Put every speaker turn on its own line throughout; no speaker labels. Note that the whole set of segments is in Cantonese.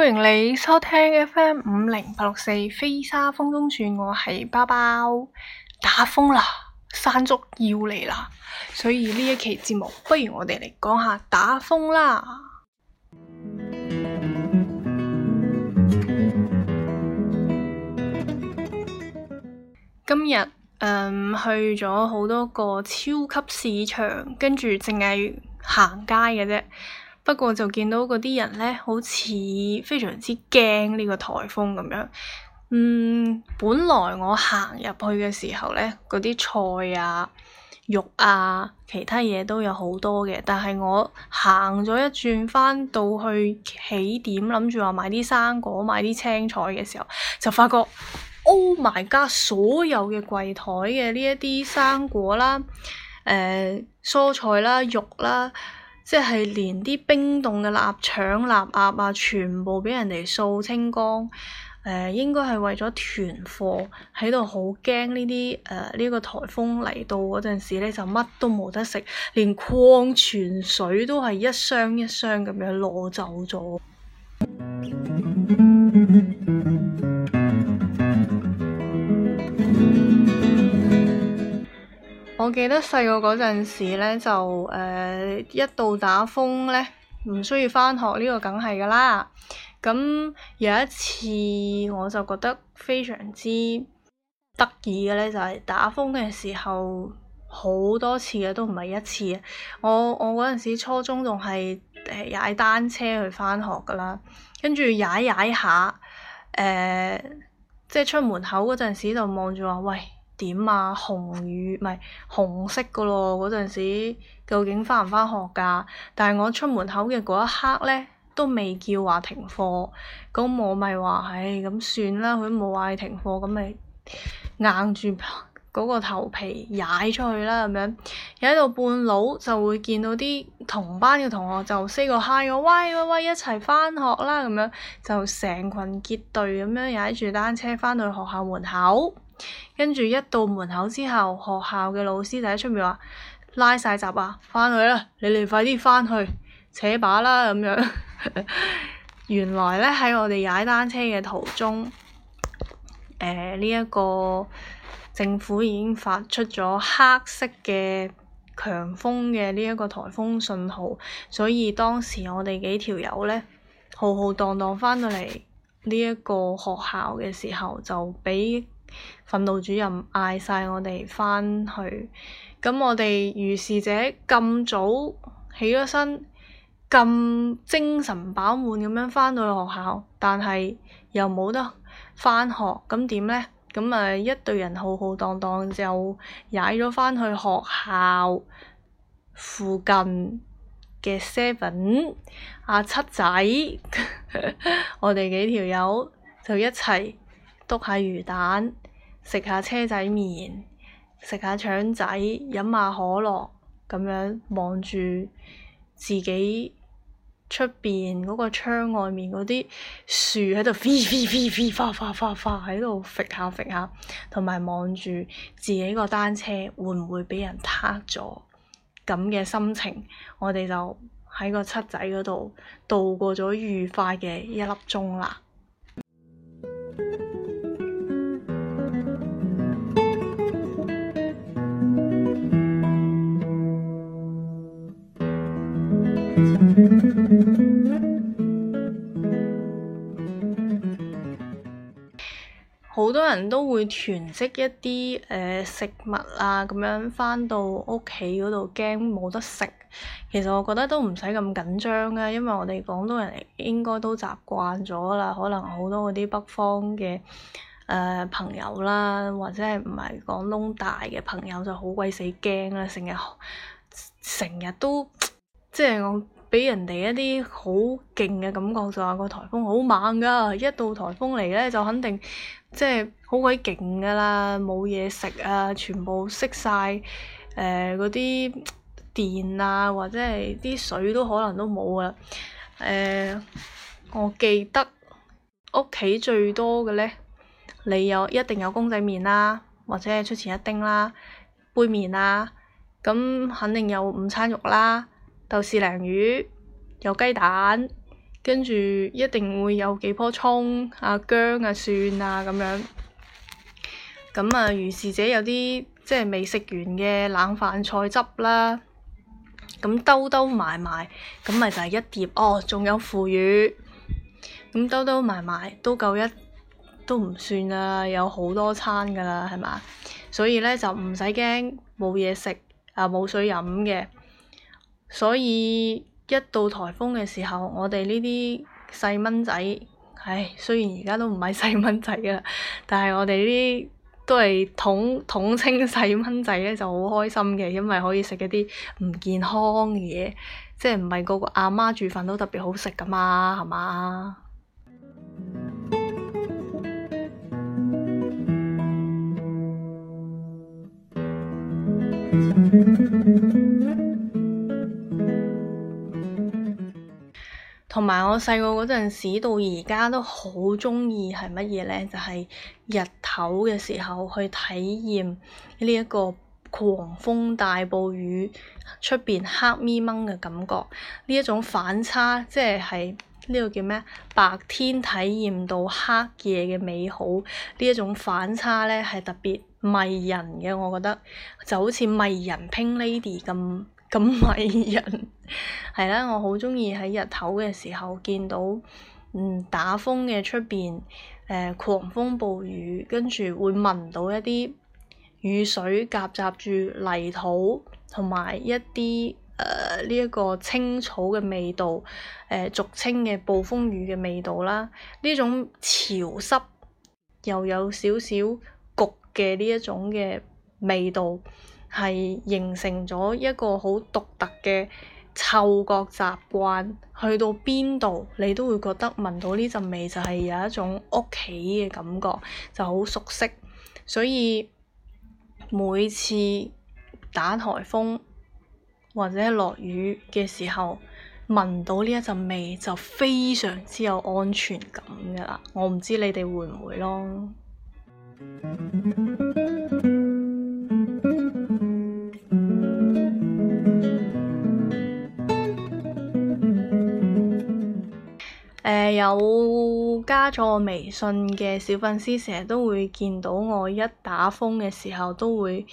歡迎你收聽 FM 五零八六四《飛沙風中轉》，我係包包打風啦，山竹要嚟啦，所以呢一期節目，不如我哋嚟講下打風啦。今日，嗯，去咗好多個超級市場，跟住淨係行街嘅啫。不過就見到嗰啲人呢，好似非常之驚呢個颱風咁樣。嗯，本來我行入去嘅時候呢，嗰啲菜啊、肉啊、其他嘢都有好多嘅，但係我行咗一轉，翻到去起點，諗住話買啲生果、買啲青菜嘅時候，就發覺 Oh my god！所有嘅櫃台嘅呢一啲生果啦、誒、呃、蔬菜啦、肉啦。即係連啲冰凍嘅臘腸、臘鴨啊，全部俾人哋掃清光。誒、呃，應該係為咗囤貨，喺度好驚呢啲誒呢個颱風嚟到嗰陣時咧，就乜都冇得食，連礦泉水都係一箱一箱咁樣攞走咗。嗯。我記得細個嗰陣時咧，就誒、呃、一到打風咧，唔需要返學呢、這個梗係㗎啦。咁有一次我就覺得非常之得意嘅咧，就係、是、打風嘅時候好多次嘅，都唔係一次。我我嗰陣時初中仲係、呃、踩單車去返學㗎啦，跟住踩踩下誒，即、呃、係、就是、出門口嗰陣時就望住話喂。點啊，紅雨唔係紅色㗎咯，嗰陣時究竟返唔返學㗎？但係我出門口嘅嗰一刻咧，都未叫話停課，咁 我咪話唉，咁算啦，佢都冇話停課，咁咪硬住。 嗰個頭皮踩出去啦，咁樣，喺度半路就會見到啲同班嘅同學就 say 個嗨，「我喂喂喂，一齊翻學啦，咁樣就成群結隊咁樣踩住單車翻到去學校門口，跟住一到門口之後，學校嘅老師就喺出面話拉晒閘啊，翻去啦，你哋快啲翻去，扯把啦咁樣。 原來咧喺我哋踩單車嘅途中，誒呢一個。政府已經發出咗黑色嘅強風嘅呢一個颱風信號，所以當時我哋幾條友呢，浩浩蕩蕩翻到嚟呢一個學校嘅時候，就畀訓導主任嗌晒我哋翻去。咁我哋如是者咁早起咗身，咁精神飽滿咁樣翻到去學校，但係又冇得返學，咁點呢？咁啊、嗯，一隊人浩浩蕩蕩就踩咗返去學校附近嘅 Seven，阿七仔， 我哋幾條友就一齊篤下魚蛋，食下車仔麵，食下腸仔，飲下可樂，咁樣望住自己出邊嗰個窗外面嗰啲樹喺度，嗶嗶嗶嗶，嘩嘩嘩嘩，喺度揈下揈下，同埋望住自己個單車會唔會畀人撻咗咁嘅心情，我哋就喺個七仔嗰度度過咗愉快嘅一粒鐘啦。好多人都會囤積一啲誒、呃、食物啊，咁樣返到屋企嗰度驚冇得食。其實我覺得都唔使咁緊張嘅，因為我哋廣東人應該都習慣咗啦。可能好多嗰啲北方嘅誒、呃、朋友啦，或者係唔係廣東大嘅朋友就好鬼死驚啦，成日成日都即係我。畀人哋一啲好勁嘅感覺，就話個颱風好猛噶，一到颱風嚟咧就肯定即係好鬼勁噶啦，冇嘢食啊，全部熄晒，誒嗰啲電啊，或者係啲水都可能都冇啊。誒、呃，我記得屋企最多嘅咧，你有一定有公仔麪啦，或者係出前一丁啦，杯麪啦，咁肯定有午餐肉啦。豆豉鯪魚有雞蛋，跟住一定會有幾棵葱，啊薑啊蒜啊咁樣，咁啊如是者有啲即係未食完嘅冷飯菜汁啦，咁兜兜埋埋埋，咁咪就係一碟哦，仲有腐乳，咁兜兜埋埋埋都夠一都唔算啦，有好多餐噶啦，係嘛？所以咧就唔使驚冇嘢食啊冇水飲嘅。所以一到台風嘅時候，我哋呢啲細蚊仔，唉，雖然而家都唔係細蚊仔㗎啦，但係我哋呢啲都係統統稱細蚊仔咧，就好開心嘅，因為可以食一啲唔健康嘅嘢，即係唔係個個阿媽煮飯都特別好食㗎嘛，係嘛？同埋我細個嗰陣時到而家都好中意係乜嘢呢？就係日頭嘅時候去體驗呢一個狂風大暴雨，出邊黑咪掹嘅感覺。呢一種反差，即係呢個叫咩？白天體驗到黑夜嘅美好，呢一種反差呢係特別迷人嘅。我覺得就好似迷人 Pink Lady 咁。咁迷人，係 啦！我好中意喺日頭嘅時候見到，嗯，打風嘅出邊，誒、呃、狂風暴雨，跟住會聞到一啲雨水夾雜住泥土同埋一啲誒呢一個青草嘅味道，誒、呃、俗稱嘅暴風雨嘅味道啦，呢種潮濕又有少少焗嘅呢一種嘅味道。係形成咗一個好獨特嘅嗅覺習慣，去到邊度你都會覺得聞到呢陣味就係有一種屋企嘅感覺，就好熟悉。所以每次打颱風或者落雨嘅時候，聞到呢一陣味就非常之有安全感㗎喇。我唔知你哋會唔會咯。 有、呃、加咗我微信嘅小粉絲，成日都會見到我一打風嘅時候都會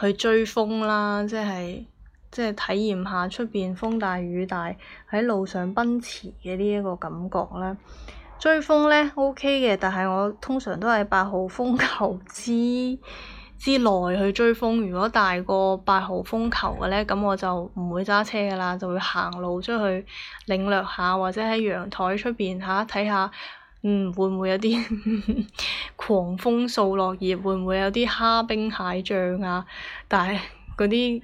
去追風啦，即係即係體驗下出邊風大雨大喺路上奔馳嘅呢一個感覺啦。追風呢 OK 嘅，但係我通常都係八號風球之。之內去追風，如果大過八號風球嘅咧，咁我就唔會揸車噶啦，就會行路出去領略下，或者喺陽台出邊嚇睇下，看看，嗯會唔會有啲 狂風掃落葉，會唔會有啲蝦兵蟹將啊？但係嗰啲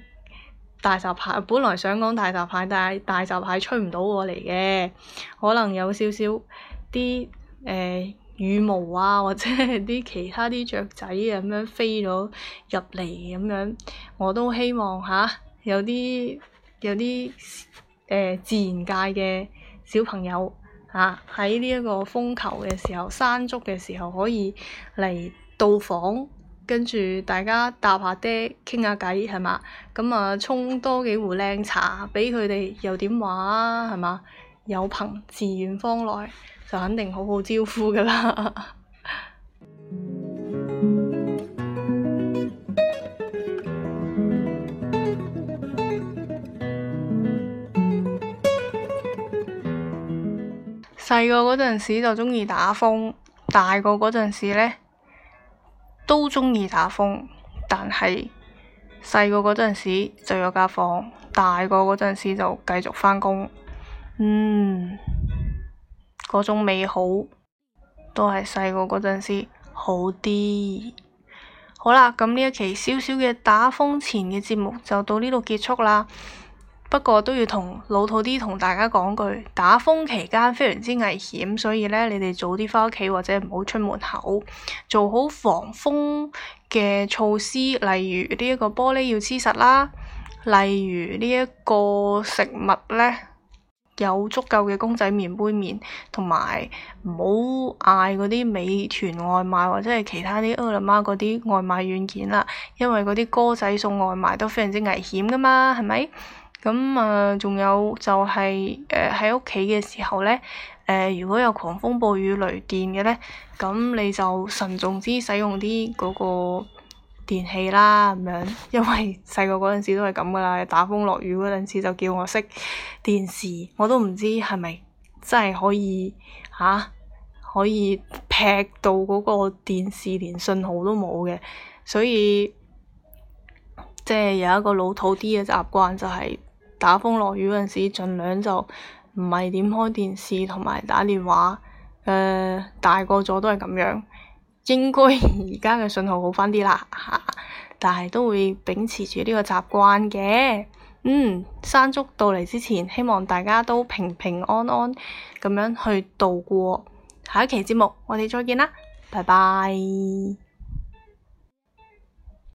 大閘蟹，本來想講大閘蟹，但係大閘蟹吹唔到我嚟嘅，可能有少少啲誒。呃羽毛啊，或者啲其他啲雀仔啊，咁樣飛咗入嚟咁樣，我都希望吓、啊、有啲有啲誒、呃、自然界嘅小朋友吓喺呢一個風球嘅時候、山竹嘅時候可以嚟到訪，跟住大家搭下嗲，傾下偈係嘛，咁啊沖多幾壺靚茶畀佢哋又點話啊係嘛，有朋自遠方來。就肯定好好招呼㗎喇。細個嗰陣時就鍾意打風，大個嗰陣時呢都鍾意打風，但係細個嗰陣時就有假放，大個嗰陣時就繼續返工。嗯。嗰種美好都係細個嗰陣時好啲。好啦，咁呢一期小小嘅打風前嘅節目就到呢度結束啦。不過都要同老土啲同大家講句，打風期間非常之危險，所以呢，你哋早啲返屋企或者唔好出門口，做好防風嘅措施，例如呢一個玻璃要黐實啦，例如呢一個食物呢。有足夠嘅公仔麵、杯麵，同埋唔好嗌嗰啲美團外賣或者係其他啲餓了嗎嗰啲外賣軟件啦，因為嗰啲歌仔送外賣都非常之危險㗎嘛，係咪？咁啊，仲、呃、有就係誒喺屋企嘅時候咧，誒、呃、如果有狂風暴雨雷電嘅咧，咁你就慎重啲使用啲嗰、那個，電器啦咁樣，因為細個嗰陣時都係咁噶啦，打風落雨嗰陣時就叫我熄電視，我都唔知係咪真係可以吓、啊，可以劈到嗰個電視連信號都冇嘅，所以即係、就是、有一個老土啲嘅習慣，就係、是、打風落雨嗰陣時盡量就唔係點開電視同埋打電話，誒、呃、大個咗都係咁樣。應該而家嘅信號好翻啲啦，但係都會秉持住呢個習慣嘅。嗯，山竹到嚟之前，希望大家都平平安安咁樣去度過。下一期節目，我哋再見啦，拜拜。